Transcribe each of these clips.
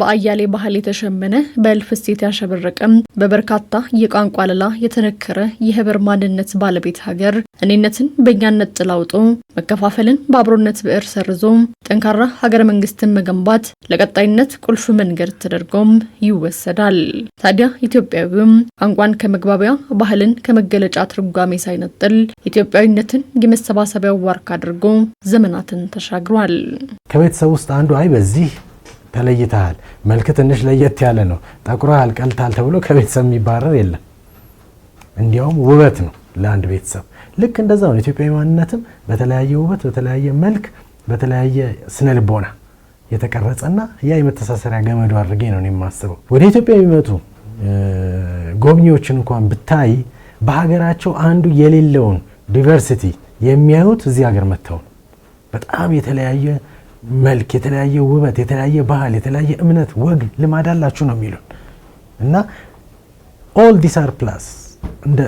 በአያሌ ባህል የተሸመነ በእልፍ እሴት ያሸበረቀ በበርካታ የቋንቋ ለላ የተነከረ የህብር ማንነት ባለቤት ሀገር እኔነትን በእኛነት ጥላ መከፋፈልን በአብሮነት ብዕር ሰርዞ ጠንካራ ሀገረ መንግስትን መገንባት ለቀጣይነት ቁልፍ መንገድ ተደርጎም ይወሰዳል። ታዲያ ኢትዮጵያዊውም ቋንቋን ከመግባቢያ ባህልን ከመገለጫ ትርጓሜ ሳይነጥል ኢትዮጵያዊነትን የመሰባሰቢያ ዋርክ አድርጎ ዘመናትን ተሻግሯል። ከቤተሰብ ውስጥ አንዱ አይ በዚህ ተለይተሃል፣ መልክ ትንሽ ለየት ያለ ነው፣ ጠቁረሃል፣ ቀልተሃል ተብሎ ከቤተሰብ የሚባረር የለም። እንዲያውም ውበት ነው ለአንድ ቤተሰብ። ልክ እንደዛ ነው ኢትዮጵያዊ ማንነትም በተለያየ ውበት፣ በተለያየ መልክ፣ በተለያየ ስነ ልቦና የተቀረጸና ያ የመተሳሰሪያ ገመዱ አድርጌ ነው የማስበው። ወደ ኢትዮጵያ የሚመጡ ጎብኚዎችን እንኳን ብታይ በሀገራቸው አንዱ የሌለውን ዲቨርሲቲ የሚያዩት እዚህ ሀገር መጥተው በጣም የተለያየ መልክ፣ የተለያየ ውበት፣ የተለያየ ባህል፣ የተለያየ እምነት፣ ወግ፣ ልማድ አላችሁ ነው የሚሉን እና ኦል ዲስ አር ፕላስ እንደ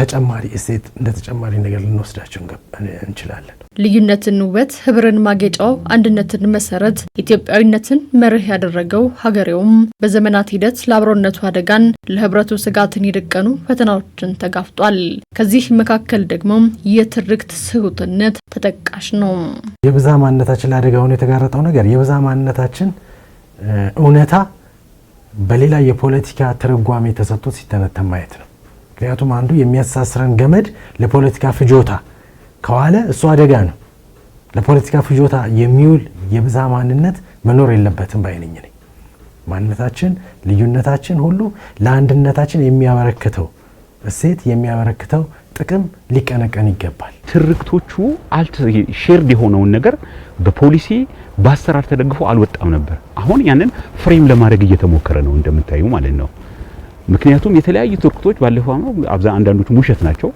ተጨማሪ እሴት እንደ ተጨማሪ ነገር ልንወስዳቸው እንችላለን። ልዩነትን ውበት፣ ህብርን ማጌጫው፣ አንድነትን መሰረት፣ ኢትዮጵያዊነትን መርህ ያደረገው ሀገሬውም በዘመናት ሂደት ለአብሮነቱ አደጋን ለህብረቱ ስጋትን የደቀኑ ፈተናዎችን ተጋፍጧል። ከዚህ መካከል ደግሞ የትርክት ስሁትነት ተጠቃሽ ነው። የብዛ ማንነታችን ለአደጋ ሆኖ የተጋረጠው ነገር የብዛ ማንነታችን እውነታ በሌላ የፖለቲካ ትርጓሜ ተሰጥቶ ሲተነተን ማየት ነው። ምክንያቱም አንዱ የሚያሳስረን ገመድ ለፖለቲካ ፍጆታ ከዋለ እሱ አደጋ ነው። ለፖለቲካ ፍጆታ የሚውል የብዛ ማንነት መኖር የለበትም ባይነኝ ነኝ። ማንነታችን፣ ልዩነታችን ሁሉ ለአንድነታችን የሚያበረክተው እሴት የሚያበረክተው ጥቅም ሊቀነቀን ይገባል። ትርክቶቹ ሼርድ የሆነውን ነገር በፖሊሲ በአሰራር ተደግፎ አልወጣም ነበር። አሁን ያንን ፍሬም ለማድረግ እየተሞከረ ነው እንደምታዩ ማለት ነው። ምክንያቱም የተለያዩ ትርክቶች ባለፈው ዓመት አብዛ አንዳንዶቹ ውሸት ናቸው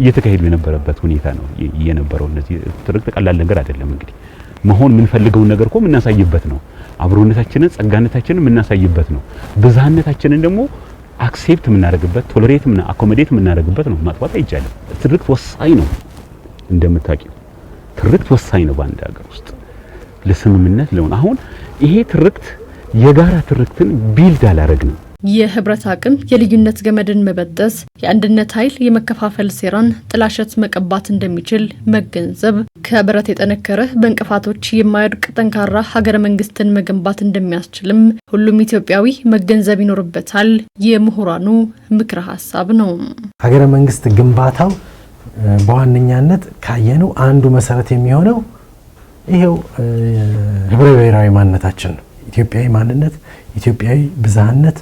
እየተካሄዱ የነበረበት ሁኔታ ነው የነበረው። እነዚህ ትርክት ቀላል ነገር አይደለም። እንግዲህ መሆን የምንፈልገውን ነገር እኮ የምናሳይበት ነው። አብሮነታችንን፣ ጸጋነታችንን የምናሳይበት ነው። ብዝሃነታችንን ደግሞ አክሴፕት የምናደርግበት ቶለሬት፣ አኮሞዴት የምናደርግበት ነው። ማጥፋት አይቻልም። ትርክት ወሳኝ ነው። እንደምታውቂው ትርክት ወሳኝ ነው በአንድ ሀገር ውስጥ ለስምምነት ለሆነ አሁን ይሄ ትርክት የጋራ ትርክትን ቢልድ አላረግንም። የህብረት አቅም የልዩነት ገመድን መበጠስ፣ የአንድነት ኃይል የመከፋፈል ሴራን ጥላሸት መቀባት እንደሚችል መገንዘብ፣ ከብረት የጠነከረ በእንቅፋቶች የማይወድቅ ጠንካራ ሀገረ መንግስትን መገንባት እንደሚያስችልም ሁሉም ኢትዮጵያዊ መገንዘብ ይኖርበታል የምሁራኑ ምክረ ሀሳብ ነው። ሀገረ መንግስት ግንባታው በዋነኛነት ካየነው አንዱ መሰረት የሚሆነው ይሄው ህብረ ብሔራዊ ማንነታችን ነው። ኢትዮጵያዊ ማንነት፣ ኢትዮጵያዊ ብዝሃነት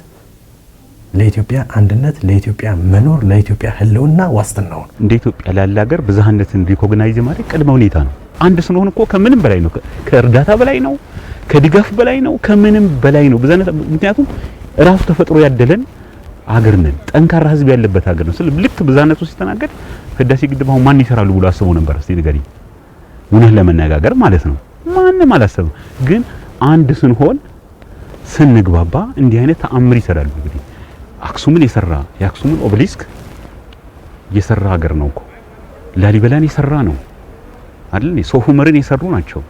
ለኢትዮጵያ አንድነት፣ ለኢትዮጵያ መኖር፣ ለኢትዮጵያ ህልውና ዋስትናው ነው። እንደ ኢትዮጵያ ላለ ሀገር ብዝሃነትን ሪኮግናይዝ ማድረግ ቅድመ ሁኔታ ነው። አንድ ስንሆን እኮ ከምንም በላይ ነው። ከእርዳታ በላይ ነው። ከድጋፍ በላይ ነው። ከምንም በላይ ነው ብዝሃነት። ምክንያቱም ራሱ ተፈጥሮ ያደለን አገር ነን። ጠንካራ ህዝብ ያለበት አገር ነው። ስለዚህ ልክ ብዝሃነቱ ሲስተናገድ ህዳሴ ግድብ አሁን ማን ይሰራሉ ብሎ አስቦ ነበር? እስቲ ንገሪ፣ እውነት ለመነጋገር ማለት ነው ማንም አላሰብም። ግን አንድ ስንሆን ስንግባባ እንዲህ አይነት ተአምር ይሰራሉ። አክሱምን የሰራ የአክሱምን ኦብሊስክ የሰራ ሀገር ነው እኮ ላሊበላን የሰራ ነው አይደል? ምርን የሰሩ ናቸው።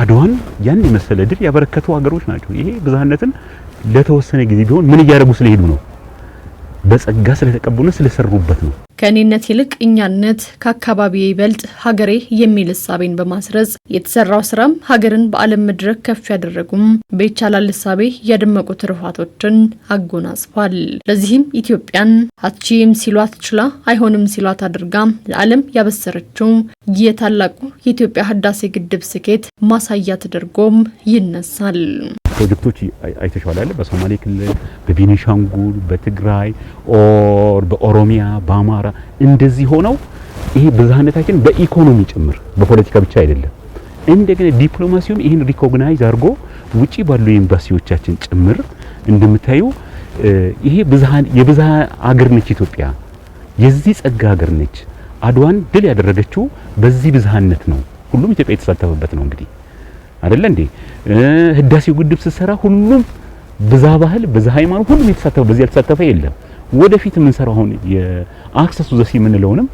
አድዋን ያን የመሰለ ድል ያበረከቱ ሀገሮች ናቸው። ይሄ ብዝሃነትን ለተወሰነ ጊዜ ቢሆን ምን እያደረጉ ስለሄዱ ነው በጸጋ ስለተቀበሉ ስለሰሩበት ነው። ከእኔነት ይልቅ እኛነት ከአካባቢ ይበልጥ ሀገሬ የሚል እሳቤን በማስረጽ የተሰራው ስራም ሀገርን በዓለም መድረክ ከፍ ያደረጉም በይቻላል እሳቤ ያደመቁ ትሩፋቶችን አጎናጽፏል። ለዚህም ኢትዮጵያን አትችይም ሲሏት ችላ፣ አይሆንም ሲሏት አድርጋ ለዓለም ያበሰረችው የታላቁ የኢትዮጵያ ህዳሴ ግድብ ስኬት ማሳያ ተደርጎም ይነሳል። ፕሮጀክቶች አይተሸዋል በሶማሌ ክልል፣ በቤኒሻንጉል፣ በትግራይ ኦር በኦሮሚያ፣ በአማራ እንደዚህ ሆነው ይሄ ብዝሃነታችን በኢኮኖሚ ጭምር በፖለቲካ ብቻ አይደለም። እንደገና ዲፕሎማሲውም ይህን ሪኮግናይዝ አድርጎ ውጪ ባሉ ኤምባሲዎቻችን ጭምር እንደምታዩ ይሄ የብዝሃ አገር ነች ኢትዮጵያ። የዚህ ጸጋ አገር ነች። አድዋን ድል ያደረገችው በዚህ ብዝሃነት ነው። ሁሉም ኢትዮጵያ የተሳተፈበት ነው እንግዲህ አይደለ እንዴ? ህዳሴው ግድብ ስትሰራ ሁሉም ብዛ ባህል ብዛ ሃይማኖት ሁሉም የተሳተፈ በዚህ ያልተሳተፈ የለም። ወደፊት የምንሰራው አሁን የአክሰሱ ዘሲ የምንለውንም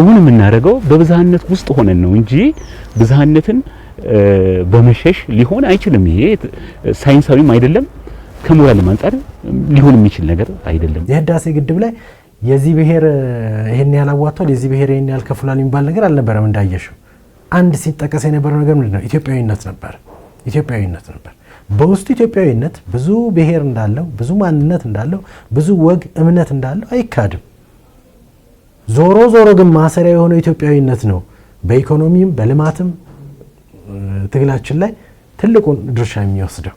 እውን የምናደርገው በብዝሃነት ውስጥ ሆነን ነው እንጂ ብዝሃነትን በመሸሽ ሊሆን አይችልም። ይሄ ሳይንሳዊም አይደለም ከሞራልም አንጻር ሊሆን የሚችል ነገር አይደለም። የህዳሴ ግድብ ላይ የዚህ ብሔር ይሄን ያህል የዚህ ብሔር ይሄን ያህል ከፍሏል የሚባል ነገር አልነበረም እንዳየሽው አንድ ሲጠቀስ የነበረው ነገር ምንድን ነው? ኢትዮጵያዊነት ነበር። ኢትዮጵያዊነት ነበር። በውስጡ ኢትዮጵያዊነት ብዙ ብሔር እንዳለው፣ ብዙ ማንነት እንዳለው፣ ብዙ ወግ፣ እምነት እንዳለው አይካድም። ዞሮ ዞሮ ግን ማሰሪያ የሆነው ኢትዮጵያዊነት ነው። በኢኮኖሚም በልማትም ትግላችን ላይ ትልቁን ድርሻ የሚወስደው